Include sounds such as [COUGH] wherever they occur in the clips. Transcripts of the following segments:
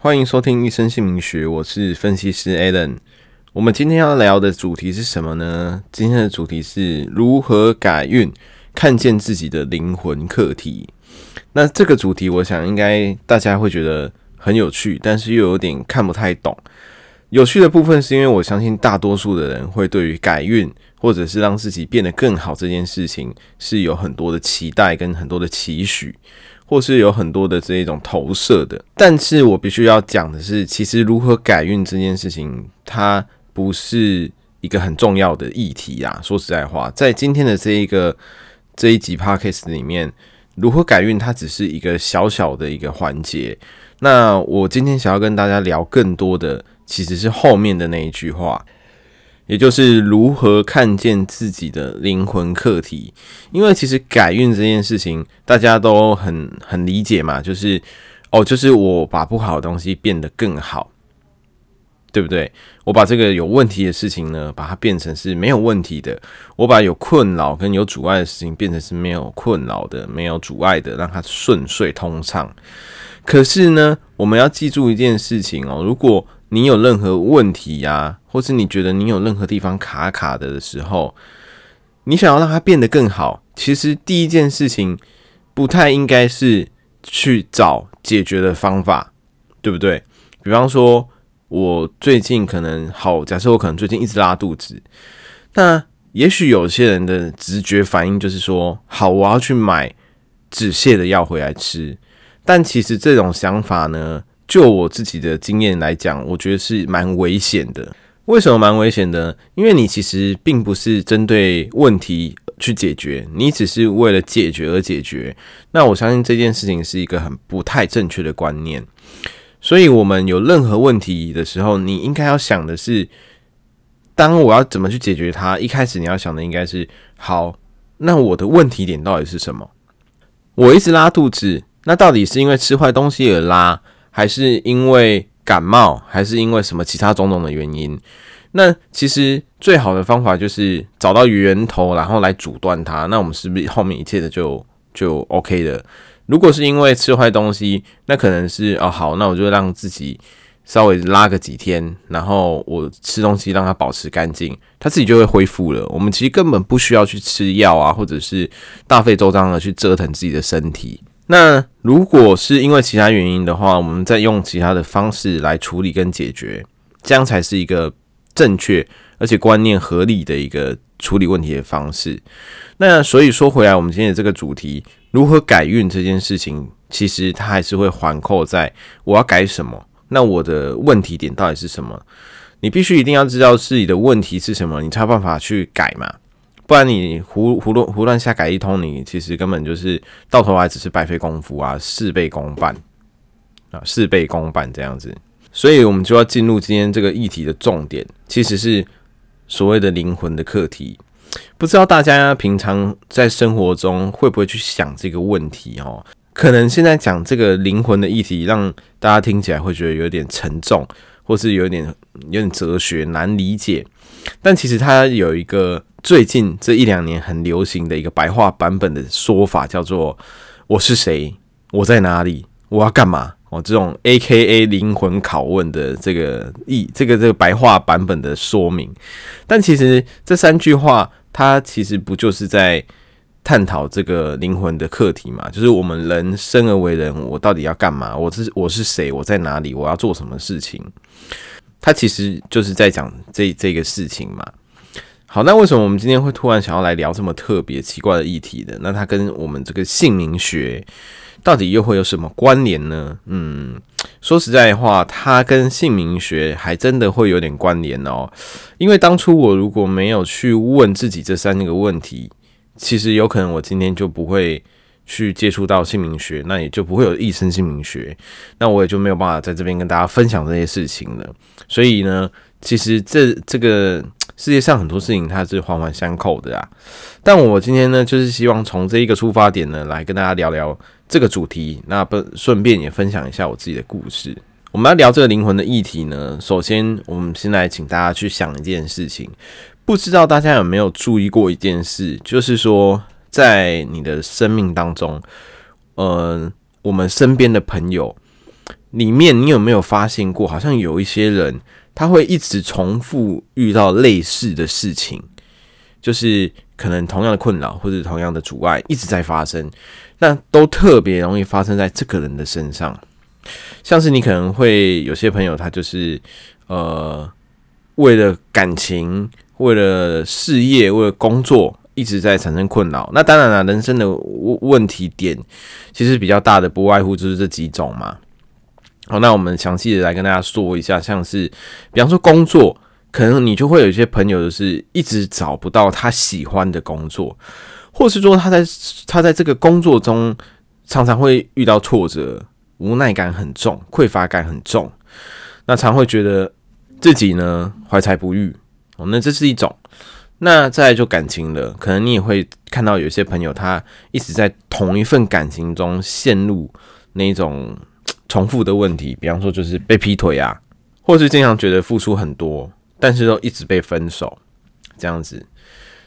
歡迎收聽《一生姓名學》，我是分析師 Alan。我們今天要聊的主題是什麼呢？今天的主題是如何改運，看見自己的靈魂課題。那這個主題，我想應該大家會覺得很有趣，但是又有點看不太懂。有趣的部分是因為我相信大多數的人會對於改運或者是讓自己變得更好這件事情，是有很多的期待跟很多的期許。或是有很多的這一種投射的，但是我必須要講的是，其實如何改運這件事情，它不是一個很重要的議題啊。說實在話，在今天的這一個這一集 Podcast 裡面，如何改運它只是一個小小的一個環節。那我今天想要跟大家聊更多的，其實是後面的那一句話。也就是如何看見自己的靈魂課題，因為其實改運這件事情，大家都很很理解嘛，就是哦，就是我把不好的東西變得更好，對不對？我把這個有問題的事情呢，把它變成是沒有問題的；我把有困擾跟有阻礙的事情變成是沒有困擾的、沒有阻礙的，讓它順遂通暢。可是呢，我們要記住一件事情哦，如果你有任何問題呀、啊，或是你覺得你有任何地方卡卡的的時候，你想要讓它變得更好，其實第一件事情不太應該是去找解決的方法，對不對？比方說，我最近可能好，假設我可能最近一直拉肚子，那也許有些人的直覺反應就是說，好，我要去買止瀉的藥回來吃，但其實這種想法呢？就我自己的經驗來講，我覺得是蠻危險的。為什麼蠻危險的？因為你其實並不是針對問題去解決，你只是為了解決而解決。那我相信這件事情是一個很不太正確的觀念。所以，我們有任何問題的時候，你應該要想的是：當我要怎麼去解決它？一開始你要想的應該是：好，那我的問題點到底是什麼？我一直拉肚子，那到底是因為吃壞東西而拉？還是因為感冒，還是因為什麼其他種種的原因？那其實最好的方法就是找到源頭，然後來阻斷它。那我們是不是後面一切的就就 OK 的？如果是因為吃壞東西，那可能是啊，哦，好，那我就讓自己稍微拉個幾天，然後我吃東西讓它保持乾淨，它自己就會恢復了。我們其實根本不需要去吃藥啊，或者是大費周章的去折騰自己的身體。那如果是因為其他原因的話，我們再用其他的方式來處理跟解決，這樣才是一個正確而且觀念合理的一個處理問題的方式。那所以說回來，我們今天的這個主題，如何改運這件事情，其實它還是會環扣在我要改什麼，那我的問題點到底是什麼？你必須一定要知道自己的問題是什麼，你才有辦法去改嘛。不然你胡胡亂胡亂瞎改一通你，你其實根本就是到頭來只是白費功夫啊，事倍功半啊，事倍功半這樣子。所以我們就要進入今天這個議題的重點，其實是所謂的靈魂的課題。不知道大家平常在生活中會不會去想這個問題哦、喔？可能現在講這個靈魂的議題，讓大家聽起來會覺得有點沉重，或是有點有點哲學，難理解。但其實它有一個。最近這一兩年很流行的一個白話版本的說法，叫做“我是誰，我在哪裡，我要幹嘛？”哦，這種 AKA 靈魂拷問的這個意，這個這個白話版本的說明。但其實這三句話，它其實不就是在探討這個靈魂的課題嘛？就是我們人生而為人，我到底要幹嘛？我是我是誰？我在哪裡？我要做什麼事情？它其實就是在講這這個事情嘛。好，那為什麼我們今天會突然想要來聊這麼特別奇怪的議題呢？那它跟我們這個姓名學到底又會有什麼關聯呢？嗯，說實在的話，它跟姓名學還真的會有點關聯哦。因為當初我如果沒有去問自己這三個問題，其實有可能我今天就不會去接觸到姓名學，那也就不會有一生姓名學，那我也就沒有辦法在這邊跟大家分享這些事情了。所以呢，其實這這個。世界上很多事情它是環環相扣的啊，但我今天呢，就是希望從這一個出發點呢，來跟大家聊聊這個主題。那不順便也分享一下我自己的故事。我們要聊這個靈魂的議題呢，首先我們先來請大家去想一件事情，不知道大家有沒有注意過一件事，就是說在你的生命當中，呃，我們身邊的朋友裡面，你有沒有發現過，好像有一些人，他會一直重複遇到類似的事情，就是可能同樣的困擾或者同樣的阻礙一直在發生，那都特別容易發生在這個人的身上。像是你可能會有些朋友，他就是呃，為了感情、為了事業、為了工作，一直在產生困擾。那當然了啊，人生的問問題點其實比較大的，不外乎就是這幾種嘛。好，哦，那我們詳細的來跟大家說一下，像是比方說工作，可能你就會有一些朋友，是一直找不到他喜歡的工作，或是說他在他在這個工作中常常會遇到挫折，無奈感很重，匱乏感很重，那常會覺得自己呢懷才不遇。哦，那這是一種。那再來就感情了，可能你也會看到有些朋友，他一直在同一份感情中陷入那種。重複的問題，比方說就是被劈腿啊，或是經常覺得付出很多，但是都一直被分手這樣子。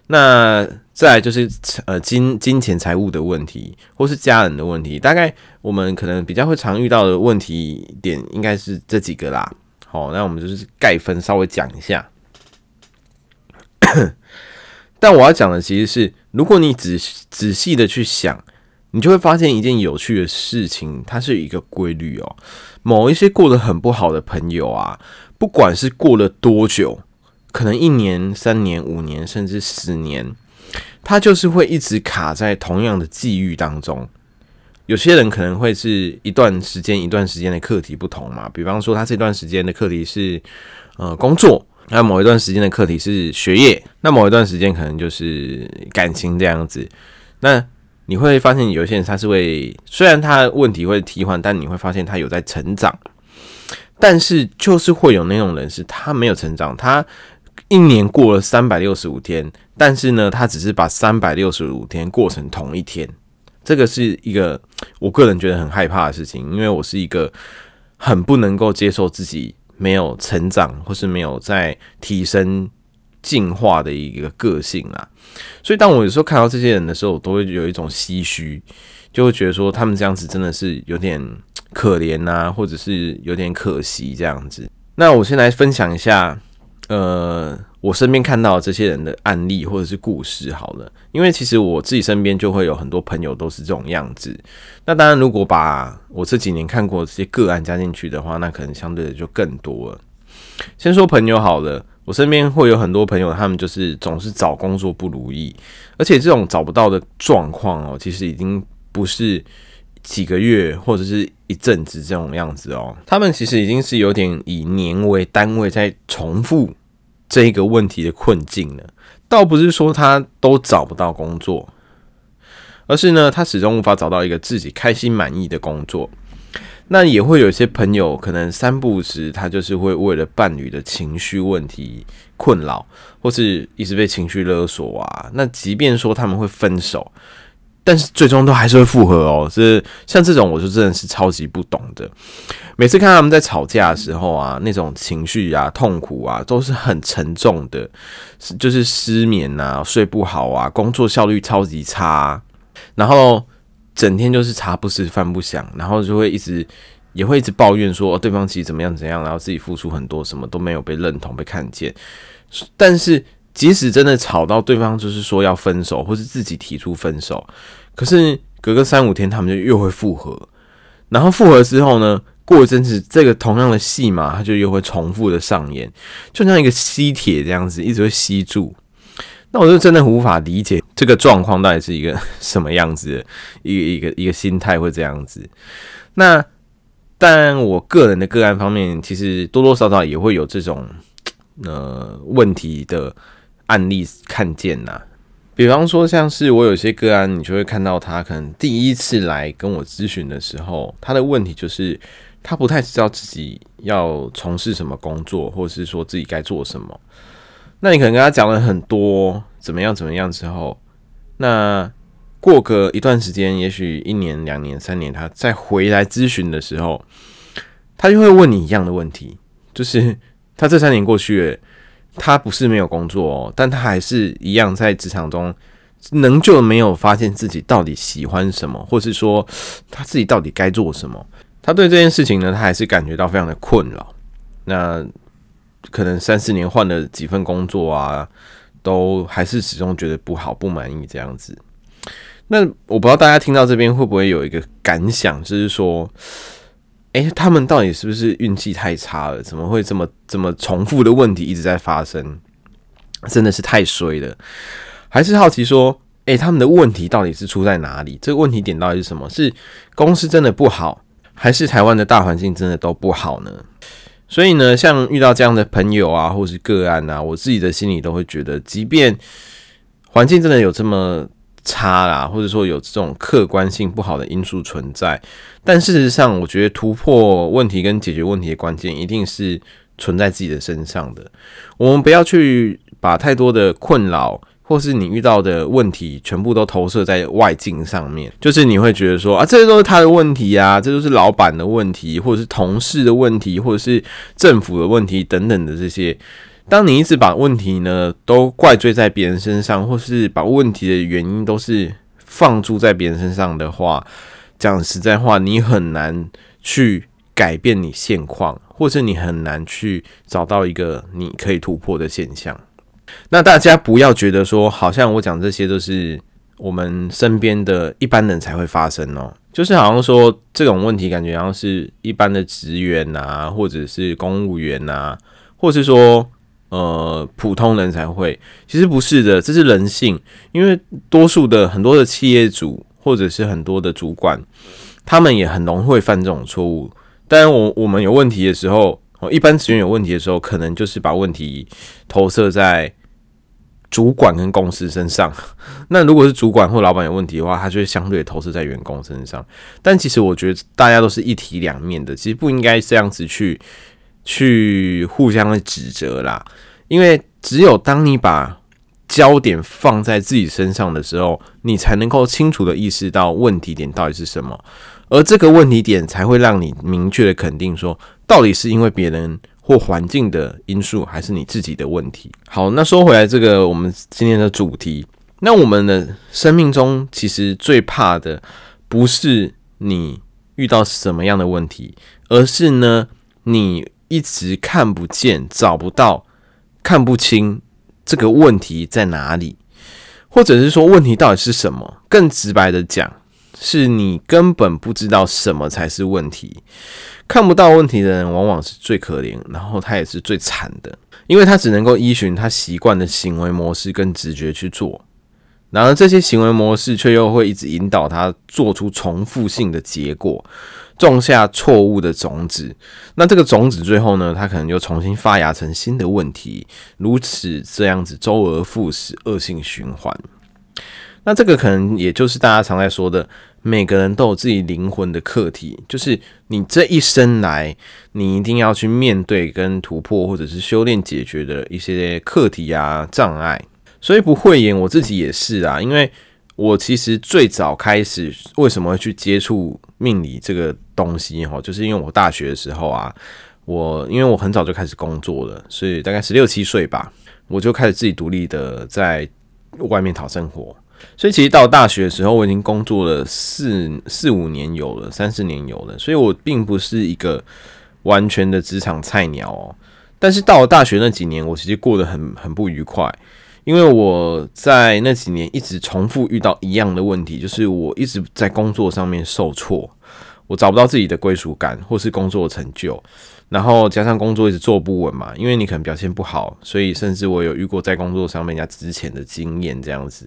那再來就是呃金金錢財務的問題，或是家人的問題，大概我們可能比較會常遇到的問題點應該是這幾個啦。好，那我們就是概分稍微講一下。 [COUGHS] 但我要講的其實是，如果你仔仔細的去想。你就會發現一件有趣的事情，它是一個規律哦。某一些過得很不好的朋友啊，不管是過了多久，可能一年、三年、五年，甚至十年，他就是會一直卡在同樣的際遇當中。有些人可能會是一段時間、一段時間的課題不同嘛，比方說他這段時間的課題是呃工作，那某一段時間的課題是學業，那某一段時間可能就是感情這樣子。那你會發現有些人他是會，雖然他的問題會替換，但你會發現他有在成長。但是就是會有那種人，是他沒有成長，他一年過了三百六十五天，但是呢，他只是把三百六十五天過成同一天。這個是一個我個人覺得很害怕的事情，因為我是一個很不能夠接受自己沒有成長或是沒有在提升。進化的一個個性啦，所以當我有時候看到這些人的時候，我都會有一種唏噓，就會覺得說他們這樣子真的是有點可憐吶，或者是有點可惜這樣子。那我先來分享一下，呃，我身邊看到的這些人的案例或者是故事好了，因為其實我自己身邊就會有很多朋友都是這種樣子。那當然，如果把我這幾年看過的這些個案加進去的話，那可能相對的就更多了。先說朋友好了。我身邊會有很多朋友，他們就是總是找工作不如意，而且這種找不到的狀況哦，其實已經不是幾個月或者是一陣子這種樣子哦，他們其實已經是有點以年為單位在重複這一個問題的困境了。倒不是說他都找不到工作，而是呢，他始終無法找到一個自己開心滿意的工作。那也會有一些朋友，可能三不時，他就是會為了伴侶的情緒問題困擾，或是一直被情緒勒索啊。那即便說他們會分手，但是最終都還是會復合哦、喔。這像這種，我就真的是超級不懂的。每次看他們在吵架的時候啊，那種情緒啊、痛苦啊，都是很沉重的，是就是失眠啊、睡不好啊、工作效率超級差、啊，然後。整天就是茶不思飯不想，然後就會一直也會一直抱怨說，哦，對方其實怎麼樣怎樣，然後自己付出很多什麼都沒有被認同、被看見。但是即使真的吵到對方就是說要分手，或是自己提出分手，可是隔個三五天他們就又會復合，然後復合之後呢，過一陣子這個同樣的戲碼，他就又會重複的上演，就像一個吸鐵這樣子，一直會吸住。那我就真的無法理解這個狀況到底是一個什麼樣子的一個一個一個心態會這樣子。那但我個人的個案方面，其實多多少少也會有這種呃問題的案例看見吶。比方說像是我有些個案，你就會看到他可能第一次來跟我諮詢的時候，他的問題就是他不太知道自己要從事什麼工作，或是說自己該做什麼。那你可能跟他講了很多怎麼樣怎麼樣之後，那過個一段時間，也許一年兩年三年，他再回來諮詢的時候，他就會問你一樣的問題，就是他這三年過去他不是沒有工作哦，但他還是一樣在職場中，仍舊沒有發現自己到底喜歡什麼，或是說他自己到底該做什麼，他對這件事情呢，他還是感覺到非常的困擾。那可能三四年換了幾份工作啊，都還是始終覺得不好、不滿意這樣子。那我不知道大家聽到這邊會不會有一個感想，就是說，哎、欸，他們到底是不是運氣太差了？怎麼會這麼這麼重複的問題一直在發生？真的是太衰了。還是好奇說，哎、欸，他們的問題到底是出在哪裡？這個問題點到底是什麼？是公司真的不好，還是台灣的大環境真的都不好呢？所以呢，像遇到這樣的朋友啊，或是個案啊，我自己的心裡都會覺得，即便環境真的有這麼差啦，或者說有這種客觀性不好的因素存在，但事實上，我覺得突破問題跟解決問題的關鍵，一定是存在自己的身上的。我們不要去把太多的困擾，或是你遇到的問題全部都投射在外境上面，就是你會覺得說啊，這些都是他的問題啊，這都是老闆的問題，或者是同事的問題，或者是政府的問題等等的這些。當你一直把問題呢都怪罪在別人身上，或是把問題的原因都是放諸在別人身上的話，講實在話，你很難去改變你現況，或是你很難去找到一個你可以突破的現象。那大家不要覺得說，好像我講這些都是我們身邊的一般人才會發生哦，就是好像說這種問題，感覺好像是一般的職員吶，或者是公務員吶，或是說呃普通人才會，其實不是的，這是人性，因為多數的很多的企業主或者是很多的主管，他們也很容易會犯這種錯誤。當然，我我們有問題的時候，一般職員有問題的時候，可能就是把問題投射在主管跟公司身上，那如果是主管或老闆有問題的話，他就會相對投射在員工身上。但其實我覺得大家都是一體兩面的，其實不應該這樣子去去互相的指責啦。因為只有當你把焦點放在自己身上的時候，你才能夠清楚的意識到問題點到底是什麼，而這個問題點才會讓你明確的肯定說，到底是因為別人。或環境的因素，還是你自己的問題。好，那說回來，這個我們今天的主題，那我們的生命中其實最怕的，不是你遇到什麼樣的問題，而是呢，你一直看不見、找不到、看不清這個問題在哪裡，或者是說問題到底是什麼？更直白的講。是你根本不知道什麼才是問題，看不到問題的人往往是最可憐，然後他也是最慘的，因為他只能夠依循他習慣的行為模式跟直覺去做，然而這些行為模式卻又會一直引導他做出重複性的結果，種下錯誤的種子，那這個種子最後呢，他可能就重新發芽成新的問題，如此這樣子周而復始，惡性循環。那這個可能也就是大家常在說的，每個人都有自己靈魂的課題，就是你這一生來，你一定要去面對跟突破，或者是修煉解決的一些課題啊、障礙。所以不諱言，我自己也是啊，因為我其實最早開始為什麼會去接觸命理這個東西，吼，就是因為我大學的時候啊，我因為我很早就開始工作了，所以大概十六七歲吧，我就開始自己獨立的在外面討生活。所以其實到了大學的時候，我已經工作了四四五年，有了三四年，有了，所以我並不是一個完全的職場菜鳥哦。但是到了大學那幾年，我其實過得很很不愉快，因為我在那幾年一直重複遇到一樣的問題，就是我一直在工作上面受挫，我找不到自己的歸屬感，或是工作成就。然後加上工作一直做不穩嘛，因為你可能表現不好，所以甚至我有遇過在工作上面人家之前的經驗這樣子。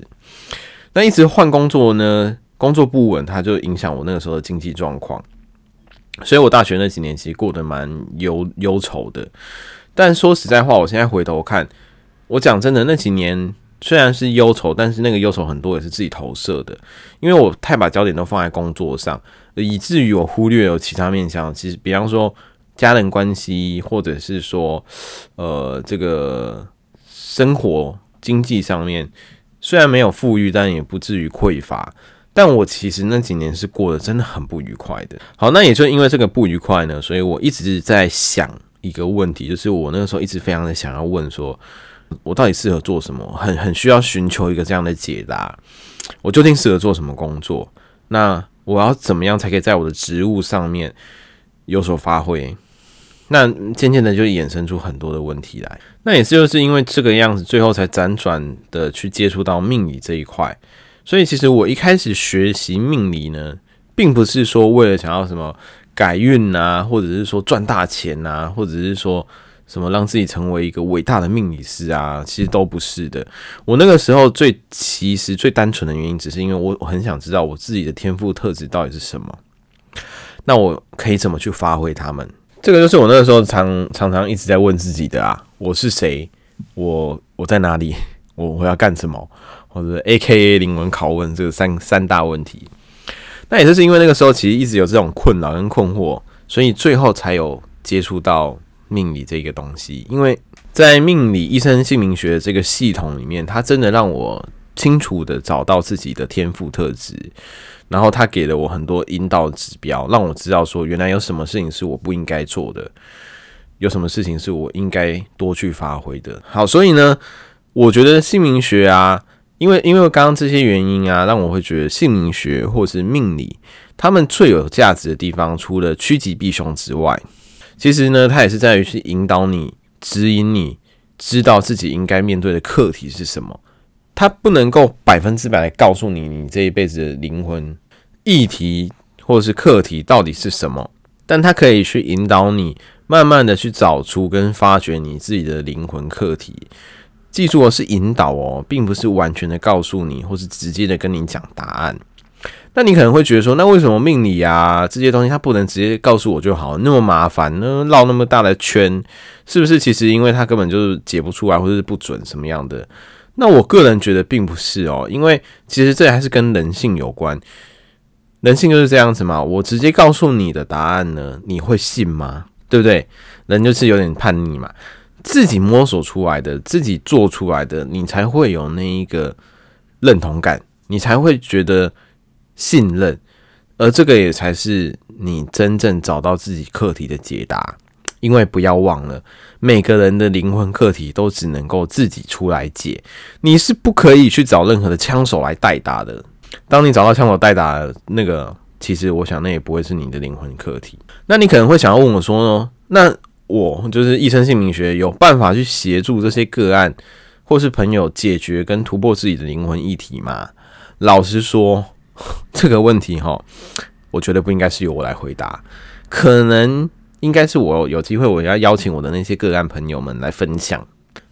那一直換工作呢，工作不穩，它就影響我那個時候的經濟狀況。所以我大學那幾年其實過得蠻憂憂愁的。但說實在話，我現在回頭看，我講真的，那幾年雖然是憂愁，但是那個憂愁很多也是自己投射的，因為我太把焦點都放在工作上，以至於我忽略了其他面向。其實，比方說。家人關係，或者是說，呃，這個生活經濟上面雖然沒有富裕，但也不至於匱乏。但我其實那幾年是過得真的很不愉快的。好，那也就因為這個不愉快呢，所以我一直在想一個問題，就是我那個時候一直非常的想要問說，我到底適合做什麼？很很需要尋求一個這樣的解答，我究竟適合做什麼工作？那我要怎麼樣才可以在我的職務上面有所發揮？那漸漸的就衍生出很多的問題來，那也是就是因為這個樣子，最後才輾轉的去接觸到命理這一塊。所以其實我一開始學習命理呢，並不是說為了想要什麼改運啊，或者是說賺大錢啊，或者是說什麼讓自己成為一個偉大的命理師啊，其實都不是的。我那個時候最其實最單純的原因，只是因為我我很想知道我自己的天賦特質到底是什麼，那我可以怎麼去發揮他們？這個就是我那個時候常常常一直在問自己的啊，我是誰，我我在哪裡，我我要幹什麼，或者 AKA 靈魂拷問這個三三大問題。那也就是因為那個時候其實一直有這種困擾跟困惑，所以最後才有接觸到命理這個東西。因為在命理醫生姓名學這個系統裡面，它真的讓我清楚的找到自己的天賦特質。然後他給了我很多引導指標，讓我知道說，原來有什麼事情是我不應該做的，有什麼事情是我應該多去發揮的。好，所以呢，我覺得姓名學啊，因為因為剛剛這些原因啊，讓我會覺得姓名學或是命理，他們最有價值的地方，除了趨吉避凶之外，其實呢，它也是在於去引導你、指引你知道自己應該面對的課題是什麼。他不能夠百分之百地告訴你，你這一輩子的靈魂議題或者是課題到底是什麼，但他可以去引導你，慢慢的去找出跟發掘你自己的靈魂課題。記住哦，是引導哦，並不是完全的告訴你，或是直接的跟你講答案。那你可能會覺得說，那為什麼命理啊這些東西，他不能直接告訴我就好？那麼麻煩，那繞那麼大的圈，是不是？其實因為他根本就是解不出來，或者是不準什麼樣的。那我個人覺得並不是哦，因為其實這還是跟人性有關。人性就是這樣子嘛。我直接告訴你的答案呢，你會信嗎？對不對？人就是有點叛逆嘛，自己摸索出來的，自己做出來的，你才會有那一個認同感，你才會覺得信任，而這個也才是你真正找到自己課題的解答。因為不要忘了，每個人的靈魂課題都只能夠自己出來解，你是不可以去找任何的槍手來代打的。當你找到槍手代打的那個，其實我想那也不會是你的靈魂課題。那你可能會想要問我說呢，那我就是一生性靈學有辦法去協助這些個案或是朋友解決跟突破自己的靈魂議題嗎？老實說，這個問題齁，我覺得不應該是由我來回答，可能。應該是我有機會，我要邀請我的那些個案朋友們來分享，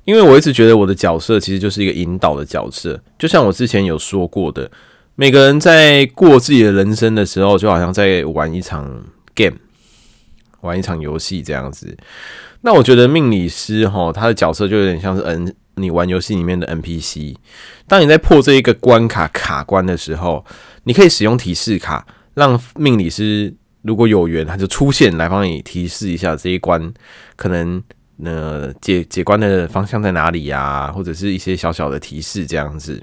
因為我一直覺得我的角色其實就是一個引導的角色，就像我之前有說過的，每個人在過自己的人生的時候，就好像在玩一場 game，玩一場遊戲這樣子。那我覺得命理師吼，他的角色就有點像是 n 你玩遊戲裡面的 NPC，當你在破這一個關卡卡關的時候，你可以使用提示卡讓命理師。如果有緣，他就出現來幫你提示一下這一關，可能呃解解關的方向在哪裡呀，啊，或者是一些小小的提示這樣子。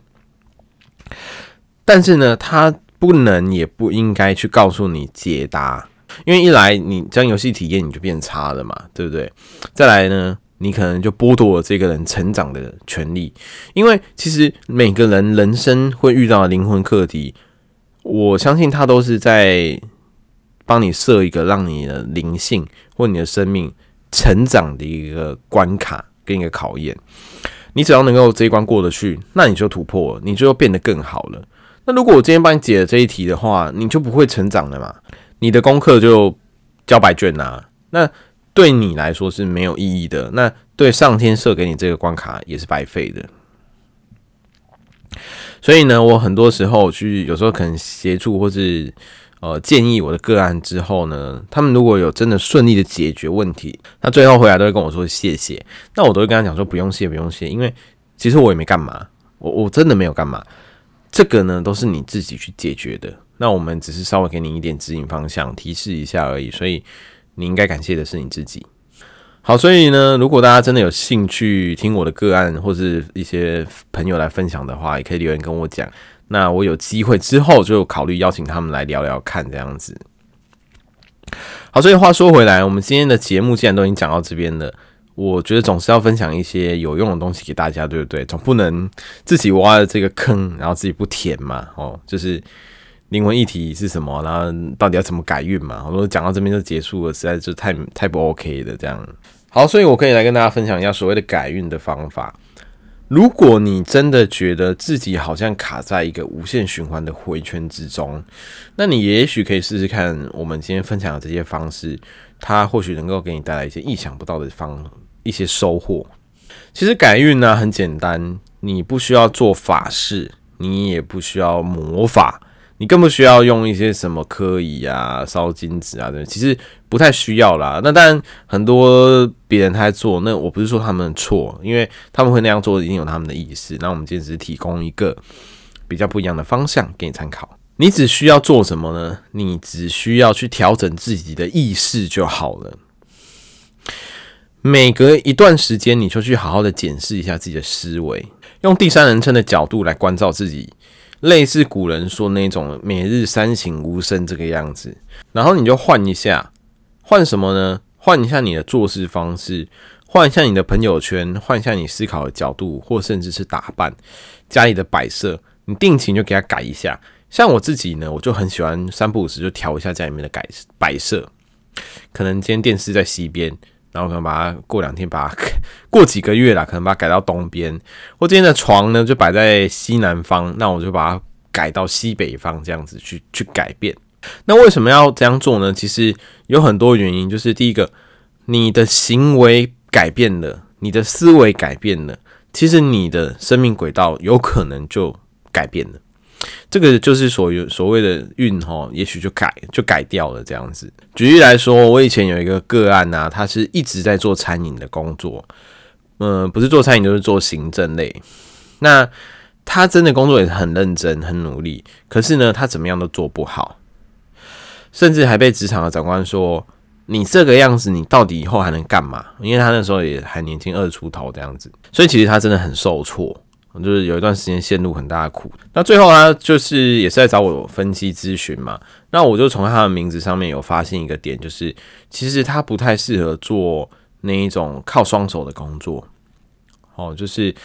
但是呢，他不能也不應該去告訴你解答，因為一來你將遊戲體驗你就變差了嘛，對不對？再來呢，你可能就剝奪了這個人成長的權利，因為其實每個人人生會遇到靈魂課題，我相信他都是在，幫你設一個讓你的靈性或你的生命成長的一個關卡跟一個考驗，你只要能夠這一關過得去，那你就突破了，你就變得更好了。那如果我今天幫你解了這一題的話，你就不會成長了嘛？你的功課就交白卷啦啊。那對你來說是沒有意義的，那對上天設給你這個關卡也是白費的。所以呢，我很多時候去，有時候可能協助或是。呃，建議我的個案之後呢，他們如果有真的順利的解決問題，那最後回來都會跟我說謝謝。那我都會跟他講說不用謝，不用謝，因為其實我也沒幹嘛，我我真的沒有幹嘛。這個呢，都是你自己去解決的。那我們只是稍微給你一點指引方向，提示一下而已。所以你應該感謝的是你自己。好，所以呢，如果大家真的有興趣聽我的個案，或是一些朋友來分享的話，也可以留言跟我講。那我有機會之後就有考慮邀請他們來聊聊看，這樣子。好，所以話說回來，我們今天的節目既然都已經講到這邊了，我覺得總是要分享一些有用的東西給大家，對不對？總不能自己挖了這個坑，然後自己不填嘛。哦，就是靈魂議題是什麼，然後到底要怎麼改運嘛。我說講到這邊就結束了，實在是太太不 OK 的這樣。好，所以我可以來跟大家分享一下所謂的改運的方法。如果你真的覺得自己好像卡在一個無限循環的迴圈之中，那你也許可以試試看我們今天分享的這些方式，它或許能夠給你帶來一些意想不到的方一些收穫。其實改運呢，啊，很簡單，你不需要做法事，你也不需要魔法，你更不需要用一些什麼科儀啊、燒金紙啊，對，其實。不太需要啦。那當然，很多別人他在做，那我不是說他們錯，因為他們會那樣做，已經有他們的意思。那我們今天只是提供一個比較不一樣的方向給你參考。你只需要做什麼呢？你只需要去調整自己的意識就好了。每隔一段時間，你就去好好的檢視一下自己的思維，用第三人稱的角度來關照自己，類似古人說那種“每日三省吾身”這個樣子。然後你就換一下。換什麼呢？換一下你的做事方式，換一下你的朋友圈，換一下你思考的角度，或甚至是打扮家裡的擺設。你定情就給它改一下。像我自己呢，我就很喜歡三不五時就調一下家裡面的改擺設。可能今天電視在西邊，然後可能把它過兩天把它過幾個月啦，可能把它改到東邊。我今天的床呢就擺在西南方，那我就把它改到西北方，這樣子去去改變。那為什麼要這樣做呢？其實有很多原因，就是第一個，你的行為改變了，你的思維改變了，其實你的生命軌道有可能就改變了。這個就是所有所謂的運哈，也許就改就改掉了這樣子。舉例來說，我以前有一個個案吶、啊，他是一直在做餐飲的工作，嗯、呃，不是做餐飲就是做行政類。那他真的工作也是很認真、很努力，可是呢，他怎麼樣都做不好。甚至還被職場的長官說：“你這個樣子，你到底以後還能幹嘛？”因為他那時候也還年輕二出頭這樣子，所以其實他真的很受挫，就是有一段時間陷入很大的苦。那最後他就是也是在找我分析諮詢嘛。那我就從他的名字上面有發現一個點，就是其實他不太適合做那一種靠雙手的工作。哦，就是。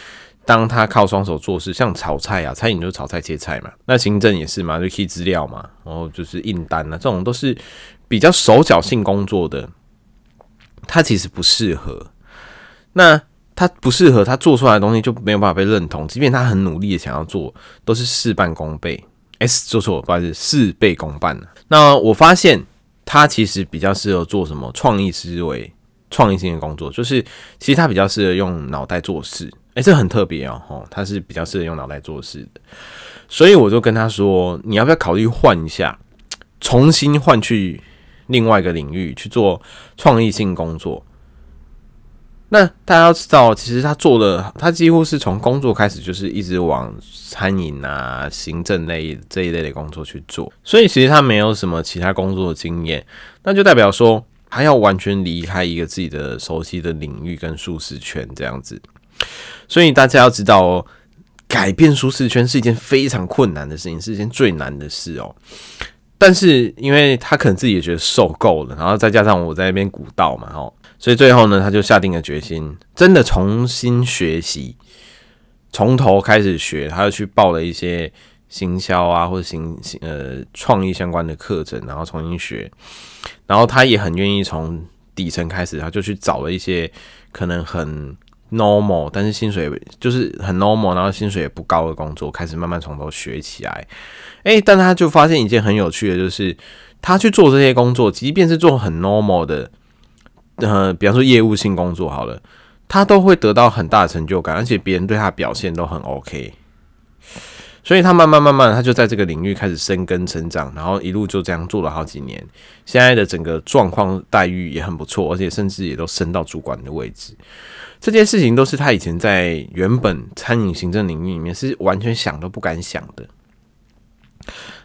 當他靠雙手做事，像炒菜啊，餐飲就是炒菜切菜嘛。那行政也是嘛，就 key 資料嘛，然後就是印單啊，這種都是比較手腳性工作的。他其實不適合。那他不適合，他做出來的東西就沒有辦法被認同。即便他很努力的想要做，都是事半功倍。S 做錯了，不好意思，事倍功半。那我發現他其實比較適合做什麼創意思維、創意性的工作，就是其實他比較適合用腦袋做事。哎、欸，這很特別哦，喔，吼，他是比較適合用腦袋做事的，所以我就跟他說，你要不要考慮換一下，重新換去另外一個領域去做創意性工作？那大家要知道，其實他做的，他幾乎是從工作開始就是一直往餐飲啊、行政類這一類的工作去做，所以其實他沒有什麼其他工作的經驗，那就代表說，他要完全離開一個自己的熟悉的領域跟舒適圈，這樣子。所以大家要知道哦，改變舒適圈是一件非常困難的事情，是一件最難的事哦。但是因為他可能自己也覺得受夠了，然後再加上我在那邊鼓道嘛，吼，所以最後呢，他就下定了決心，真的重新學習，從頭開始學。他又去報了一些行銷啊，或者行行呃創意相關的課程，然後重新學。然後他也很願意從底層開始，他就去找了一些可能很。normal，但是薪水就是很 normal，然後薪水也不高的工作，開始慢慢從頭學起來。誒、欸，但他就發現一件很有趣的，就是他去做這些工作，即便是做很 normal 的，嗯、呃，比方說業務性工作好了，他都會得到很大的成就感，而且別人對他表現都很 OK。所以他慢慢慢慢，他就在這個領域開始生根成長，然後一路就這樣做了好幾年。現在的整個狀況待遇也很不錯，而且甚至也都升到主管的位置。這件事情都是他以前在原本餐飲行政領域裡面是完全想都不敢想的。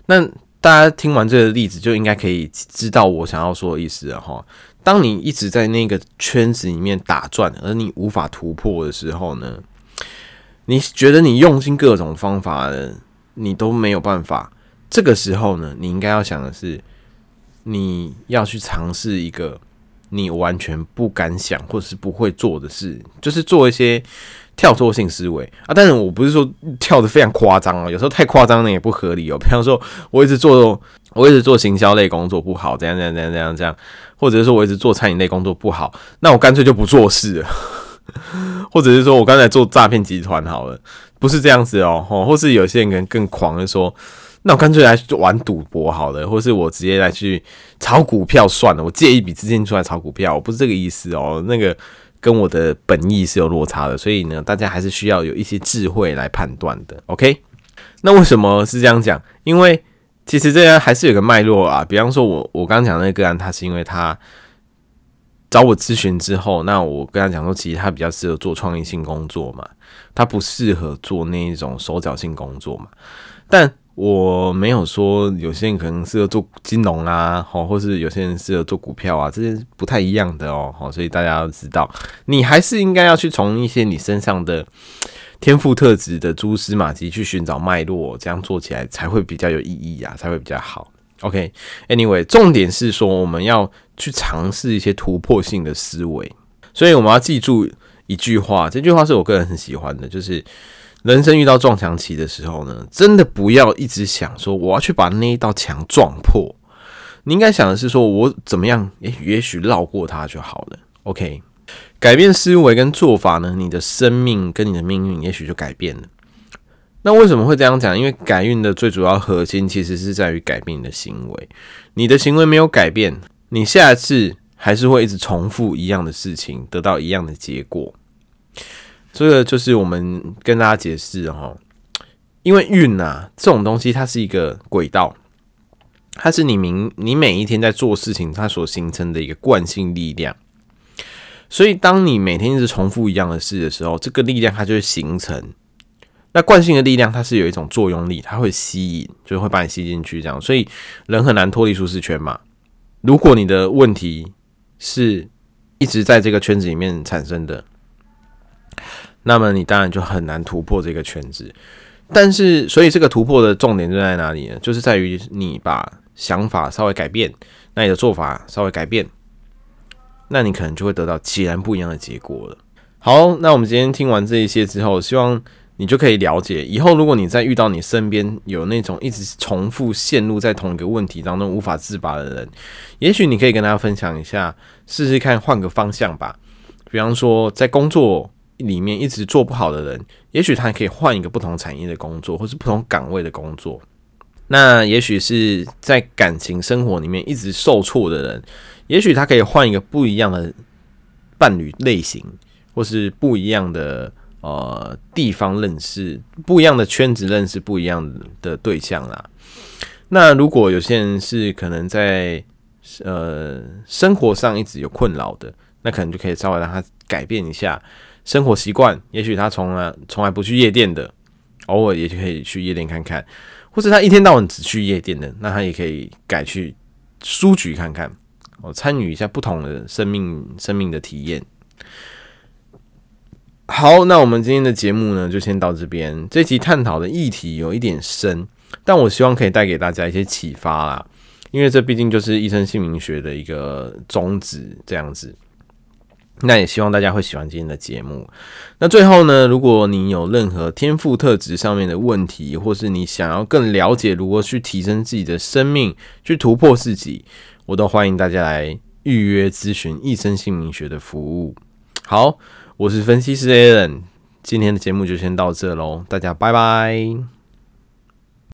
那大家聽完這個例子，就應該可以知道我想要說的意思了哈。當你一直在那個圈子裡面打轉，而你無法突破的時候呢？你覺得你用盡各種方法，你都沒有辦法。這個時候呢，你應該要想的是，你要去嘗試一個你完全不敢想或者是不會做的事，就是做一些跳脫性思維啊。但是我不是說跳得非常誇張啊，有時候太誇張了也不合理哦。比方說我，我一直做我一直做行銷類工作不好，怎樣怎樣怎樣怎樣怎樣，或者是說我一直做餐飲類工作不好，那我乾脆就不做事了。或者是說我剛才做詐騙集團好了，不是這樣子哦，吼，或是有些人可能更狂，的說，那我乾脆來玩賭博好了，或是我直接來去炒股票算了，我借一筆資金出來炒股票，我不是這個意思哦、喔，那個跟我的本意是有落差的，所以呢，大家還是需要有一些智慧來判斷的，OK？那為什麼是這樣講？因為其實這樣還是有個脈絡啊，比方說我我剛講那個個案，他是因為他。找我諮詢之後，那我跟他講說，其實他比較適合做創意性工作嘛，他不適合做那一種手腳性工作嘛。但我沒有說有些人可能適合做金融啊，好，或是有些人適合做股票啊，這些不太一樣的哦。好，所以大家要知道，你還是應該要去從一些你身上的天賦特質的蛛絲馬跡去尋找脈絡，這樣做起來才會比較有意義啊，才會比較好。OK，anyway，重點是說我們要去嘗試一些突破性的思維，所以我們要記住一句話，這句話是我個人很喜歡的，就是人生遇到撞牆期的時候呢，真的不要一直想說我要去把那一道牆撞破，你應該想的是說我怎麼樣，誒，也許繞過它就好了。OK，改變思維跟做法呢，你的生命跟你的命運也許就改變了。那為什麼會這樣講？因為改運的最主要核心，其實是在於改變你的行為。你的行為沒有改變，你下次還是會一直重複一樣的事情，得到一樣的結果。這個就是我們跟大家解釋哈，因為運吶啊，這種東西，它是一個軌道，它是你明你每一天在做事情，它所形成的一個慣性力量。所以，當你每天一直重複一樣的事的時候，這個力量它就會形成。那慣性的力量，它是有一種作用力，它會吸引，就會把你吸進去這樣。所以人很難脫離舒適圈嘛。如果你的問題是一直在這個圈子裡面產生的，那麼你當然就很難突破這個圈子。但是，所以這個突破的重點就在哪裡呢？就是在於你把想法稍微改變，那你的做法稍微改變，那你可能就會得到截然不一樣的結果了。好，那我們今天聽完這一些之後，希望。你就可以了解，以後如果你再遇到你身邊有那種一直重複陷入在同一個問題當中無法自拔的人，也許你可以跟他分享一下，試試看換個方向吧。比方說，在工作裡面一直做不好的人，也許他可以換一個不同產業的工作，或是不同崗位的工作。那也許是在感情生活裡面一直受挫的人，也許他可以換一個不一樣的伴侶類型，或是不一樣的。呃，地方認識不一樣的圈子，認識不一樣的對象啦。那如果有些人是可能在呃生活上一直有困擾的，那可能就可以稍微讓他改變一下生活習慣。也許他從來從來不去夜店的，偶爾也可以去夜店看看；或者他一天到晚只去夜店的，那他也可以改去書局看看，哦，參與一下不同的生命生命的體驗。好，那我們今天的節目呢，就先到這邊。這期探討的議題有一點深，但我希望可以帶給大家一些啟發啦，因為這畢竟就是一生姓名學的一個宗旨這樣子。那也希望大家會喜歡今天的節目。那最後呢，如果你有任何天賦特質上面的問題，或是你想要更了解如何去提升自己的生命、去突破自己，我都歡迎大家來預約諮詢一生姓名學的服務。好。我是分析師 Alan，今天的節目就先到這嘍，大家拜拜！